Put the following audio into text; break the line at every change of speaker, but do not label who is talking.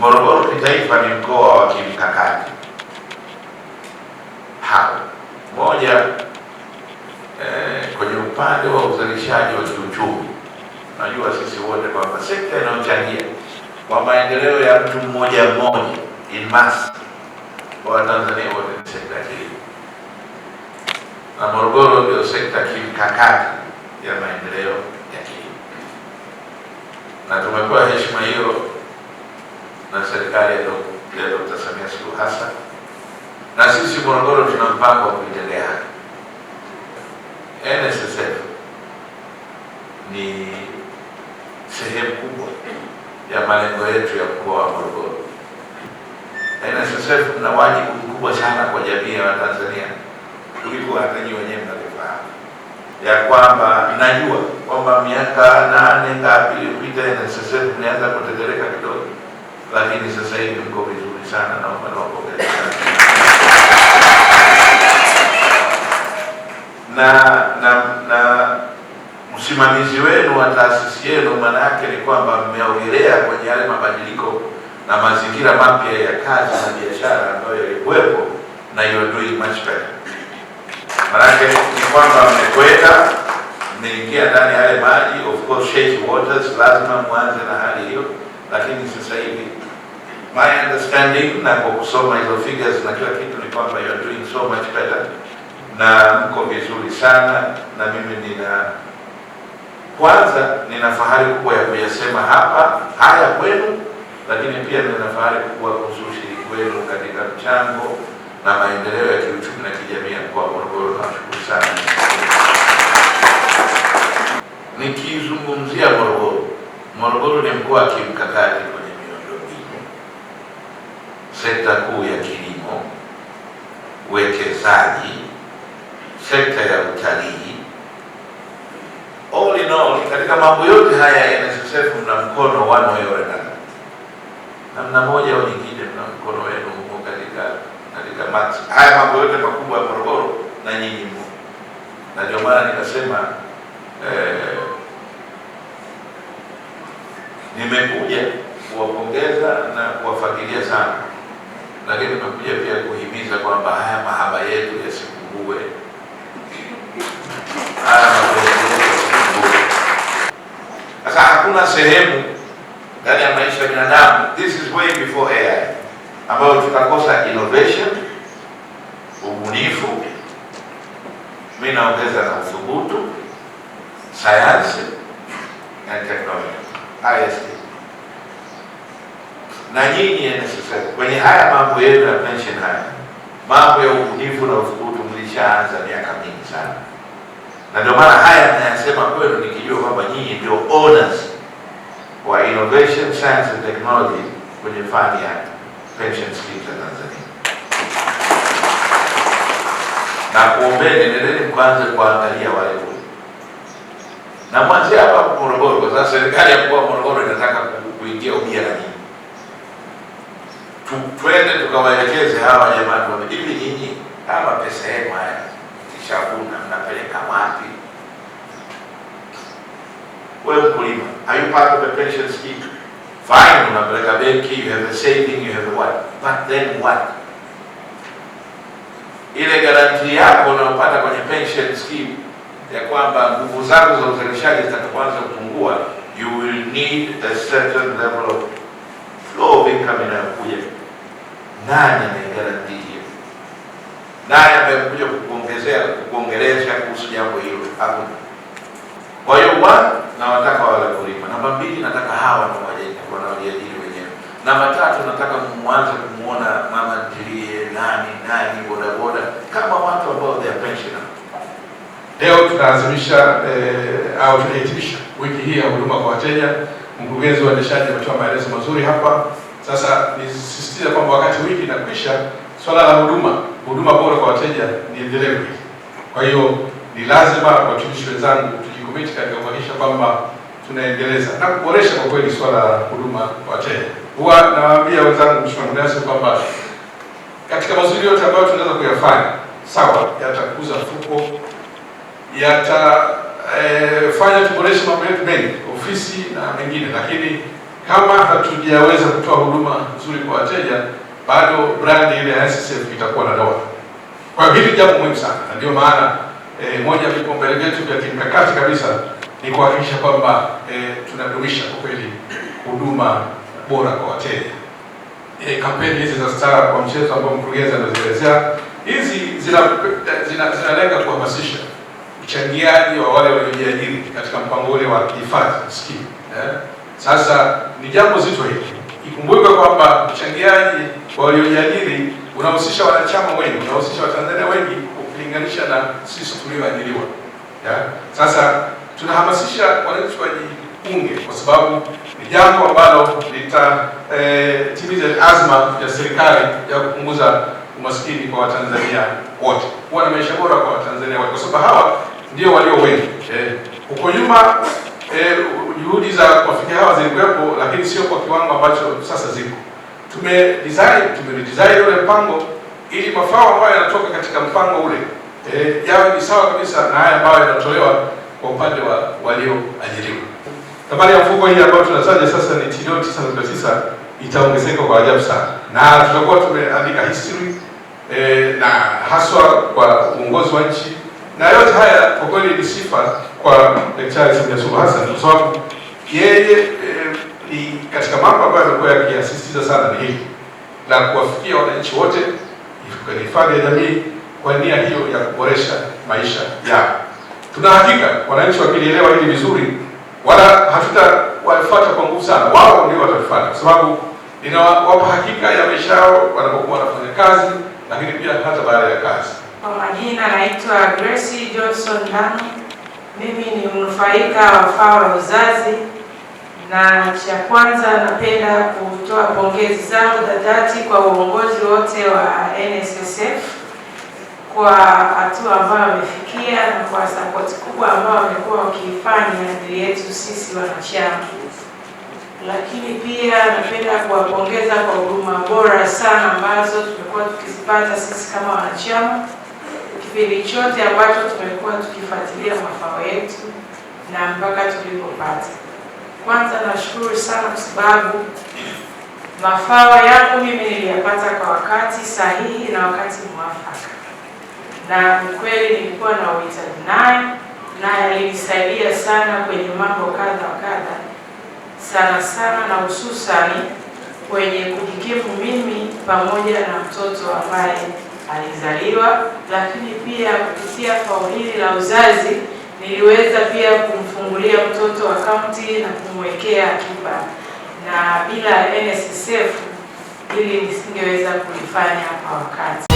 Morogoro kitaifa ni mkoa wa kimkakati hapo moja eh, kwenye upande wa uzalishaji wa kiuchumi. Najua sisi wote kwamba sekta inayochangia kwa maendeleo ya mtu mmoja mmoja in mass kwa Watanzania wote ni sekta ya kilimo, na Morogoro ndio sekta kimkakati ya maendeleo ya kilimo, na tumepewa heshima hiyo na serikali ya Dkt. Samia Suluhu Hassan, na sisi Morogoro tuna mpango wa kuendelea. NSSF ni sehemu kubwa ya malengo yetu ya mkoa wa Morogoro. NSSF mna wajibu mkubwa sana kwa jamii ya Watanzania kuliko hata nyinyi wenyewe mnavyofahamu, ya kwamba najua kwamba miaka nane ngapi iliyopita NSSF mlianza kutetereka kidogo lakini sasa hivi mko vizuri sana, naomba nawapongeze na na na msimamizi wenu wa taasisi yenu. Maana yake ni kwamba mmeogelea kwenye yale mabadiliko na mazingira mapya ya kazi na biashara ambayo yalikuwepo, na you're doing much better. Maana yake ni kwamba mmekwenda, mmeingia ndani yale maji, of course shaky waters, lazima mwanze na hali hiyo, lakini sasa hivi My understanding na kwa kusoma hizo figures na kila kitu ni kwamba you are doing so much better na mko vizuri sana, na mimi nina kwanza nina fahari kubwa ya kuyasema hapa haya kwenu, lakini pia nina fahari kubwa kuhusu ushiriki wenu katika mchango na maendeleo ya kiuchumi na kijamii ya mkoa wa Morogoro. Nashukuru sana. Nikizungumzia Morogoro, Morogoro ni mkoa wa kimkakati sekta kuu ya kilimo, uwekezaji, sekta ya utalii. All in all, katika mambo yote haya NSSF mna mkono wa namna moja au nyingine, mna mkono wenu huko katika katika haya mambo yote makubwa ya Morogoro na nyinyi mko, na ndio maana nikasema eh, nimekuja kuwapongeza na kuwafuatilia sana lakini tumekuja pia kuhimiza kwamba haya mahaba yetu yasipungue, Sasa hakuna sehemu ndani ya maisha ya binadamu, this is way before AI, ambayo tutakosa innovation, ubunifu, mi naongeza na uthubutu, sayansi na teknolojia na nyinyi NSSF kwenye haya mambo yenu ya pension, haya mambo ya ubunifu na uthubutu mlishaanza miaka mingi sana, na ndio maana haya nayasema kwenu nikijua kwamba nyinyi ndio owners wa innovation science and technology kwenye fani ya pension scheme za Tanzania, na kuombeni, endeleeni kwanza kuangalia wale na mwanzia hapa Morogoro, kwa sababu serikali ya mkoa wa Morogoro inataka kuingia ubia na nyinyi twende tukawaelekeze hawa jamaa, hivi nyinyi kama pesa yenu haya ishakuna, mnapeleka wapi? Wewe mkulima, are you part of the pension scheme? Fine, unapeleka benki, you have a saving, you have a what, but then what? Ile garanti yako unayopata kwenye pension scheme ya kwamba nguvu zako za uzalishaji zitakapoanza kupungua, you will need a certain level of flow of income inayokuja nani anaendana hiyo? nani amekuja kukuongezea kukuongelesha kuhusu jambo hilo? Hakuna. Kwa hiyo na nawataka wale kulipa. Namba mbili, nataka hawa ndio waje wanaojiajiri wenyewe. Namba tatu, nataka mwanze kumuona mama ntilie nani nani bodaboda kama watu ambao they are pensioner.
Leo tutaazimisha eh, au tunaitisha wiki hii ya huduma kwa wateja. Mkurugenzi wa nishati ametoa maelezo mazuri hapa. Sasa nisisitiza kwamba wakati wiki inakwisha, swala la huduma huduma bora kwa wateja ni endelevu. Kwa hiyo ni lazima watumishi wenzangu tujikomiti katika kuhakikisha kwamba tunaendeleza na kuboresha kwa kweli swala la huduma kwa wateja. Huwa nawaambia wenzangu, Mheshimiwa mdasi, kwamba katika mazuri yote ambayo tunaweza kuyafanya, sawa, yatakuza fuko, yatafanya eh, e, tuboreshe mambo yetu mengi, ofisi na mengine, lakini kama hatujaweza kutoa huduma nzuri kwa wateja, bado brand ile ya SSF itakuwa na doa. Kwa hili jambo muhimu sana, na ndio maana e, moja ya vipaumbele vyetu vya kimkakati kabisa ni kuhakikisha kwamba e, tunadumisha kwa kweli huduma bora kwa wateja. E, kampeni hizi za Star kwa mchezo ambao mkurugenzi amezielezea hizi zinalenga zina, zina kuhamasisha uchangiaji wa wale waliojiajiri katika mpango ule wa hifadhi scheme eh? Sasa ni jambo zito hili. Ikumbuke kwamba uchangiaji kwa waliojadili unahusisha wanachama wengi, unahusisha Watanzania wengi ukilinganisha na sisi tulioajiriwa. Sasa tunahamasisha wananchi wajiunge kwa sababu ni jambo ambalo litatimiza eh, e, azma ya serikali ya kupunguza umaskini kwa Watanzania wote, kuwa na maisha bora kwa Watanzania wote, kwa sababu hawa ndio walio wengi eh, huko nyuma eh, juhudi za kuwafikia hawa zilikuwepo, lakini sio kwa kiwango ambacho sasa ziko. Tume design redesign ule mpango ili mafao ambayo yanatoka katika mpango ule e, yawe ni sawa kabisa na haya ambayo yanatolewa kwa upande wa walioajiriwa. Thamani ya mfuko hii ambayo tunataja sasa ni trilioni 9.9 itaongezeka kwa ajabu sana, na tutakuwa tumeandika history e, na haswa kwa uongozi wa nchi na yote haya kwa kweli ni sifa kwa Daktari Samia Suluhu Hassan kwa sababu yeye eh, ni katika mambo ambayo amekuwa yakiyasisitiza sana ni hili la kuwafikia wananchi wote katika hifadhi ya jamii kwa nia hiyo ya kuboresha maisha yao. Tuna hakika wananchi wakilielewa hili vizuri, wala wafuata kwa nguvu sana, wao ndio watafuata, kwa sababu inawapa hakika ya maisha yao wanapokuwa wanafanya kazi, lakini pia hata baada ya kazi.
Kwa majina naitwa Grace Johnson Ndanu. Mimi ni mnufaika wa FAWA uzazi, na cha kwanza napenda kutoa pongezi zangu za dhati kwa uongozi wote wa NSSF kwa hatua ambayo wamefikia na kwa sapoti kubwa ambayo wamekuwa wakiifanya ajili yetu sisi wanachama. Lakini pia napenda kuwapongeza kwa huduma bora sana ambazo tumekuwa tukizipata sisi kama wanachama kipindi chote ambacho tumekuwa tukifuatilia mafao yetu na mpaka tulipopata. Kwanza nashukuru sana kwa sababu mafao yangu mimi niliyapata kwa wakati sahihi na wakati mwafaka, na ukweli nilikuwa na uhitaji naye na yalinisaidia sana kwenye mambo kadha wa kadha, sana sana na hususani kwenye kujikimu mimi pamoja na mtoto ambaye alizaliwa, lakini pia kupitia fao hili la uzazi niliweza pia kumfungulia mtoto akaunti na kumwekea akiba, na bila NSSF ili nisingeweza kulifanya kwa wakati.